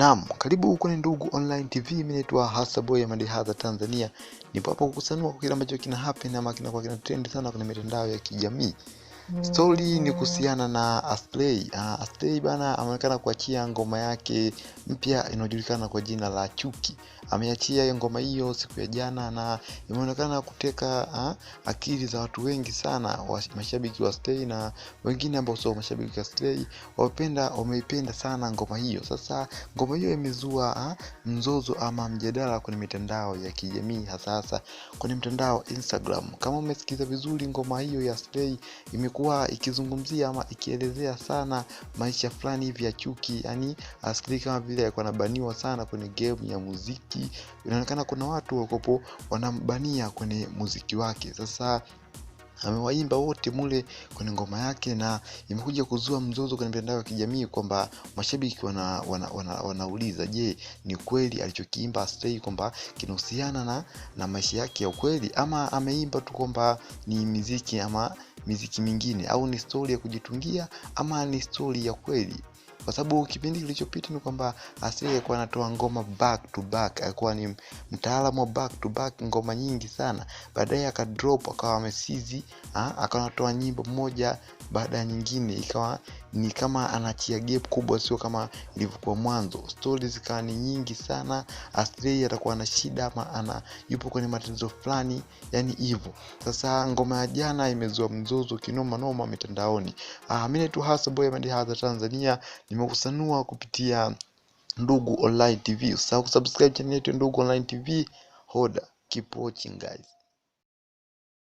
Naam, karibu kwenye Ndugu Online TV, mimi naitwa Hasa Boy Tanzania. Nipo hapa kukusanua kwa kile ambacho kina happen ama kinakuwa kina trend sana kwenye mitandao ya kijamii. Stori ni kuhusiana na Aslay. Uh, ah, Aslay bana ameonekana kuachia ngoma yake mpya inayojulikana kwa jina la Chuki. Ameachia ngoma hiyo siku ya jana na imeonekana kuteka uh, akili za watu wengi sana wa, mashabiki wa Aslay na wengine ambao sio mashabiki wa Aslay wapenda wameipenda sana ngoma hiyo. Sasa ngoma hiyo imezua uh, mzozo ama mjadala kwenye mitandao ya kijamii hasa hasa kwenye mtandao Instagram. Kama umesikiza vizuri, ngoma hiyo ya Aslay imekuwa imekuwa ikizungumzia ama ikielezea sana maisha fulani hivi ya chuki yani askari kama vile alikuwa anabaniwa sana kwenye game ya muziki inaonekana kuna watu wakopo wanambania kwenye muziki wake sasa amewaimba wote mule kwenye ngoma yake, na imekuja kuzua mzozo kwenye mitandao ya kijamii kwamba mashabiki wanauliza wana, wana, wana je, ni kweli alichokiimba Astray kwamba kinahusiana na, na maisha yake ya ukweli ama ameimba tu kwamba ni miziki ama miziki mingine au ni stori ya kujitungia ama ni stori ya kweli? kwa sababu kipindi kilichopita ni kwamba asili alikuwa anatoa ngoma back to back, alikuwa ni mtaalamu wa back to back, ngoma nyingi sana. Baadaye akadrop akawa amesizi, ah, akawa anatoa nyimbo moja baada ya nyingine, ikawa ni kama anachia gap kubwa, sio kama ilivyokuwa mwanzo. Stories zikawa ni nyingi sana, Aslay atakuwa na shida ama ana yupo kwenye matatizo fulani, yani hivyo. Sasa ngoma ya jana imezua mzozo kinoma noma mitandaoni. Ah, mimi tu hasa boy Tanzania nimekusanua kupitia Ndugu Online TV. usahau kusubscribe channel yetu Ndugu Online TV. Hoda, keep watching guys.